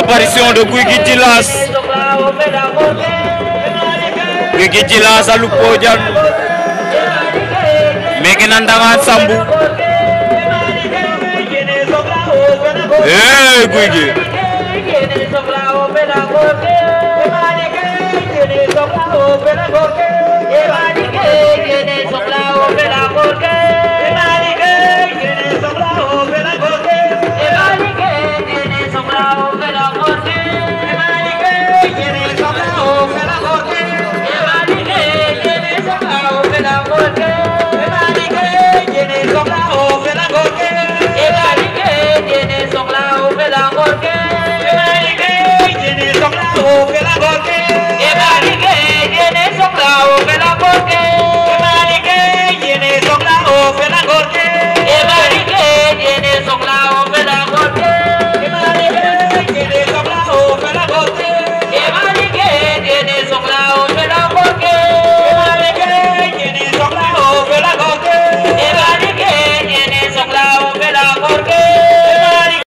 l'apparition de Gouy Gui Djilass Gouy Gui Djilass a Lupojan meeke na Ndangaan Sambu ee Gouy Gui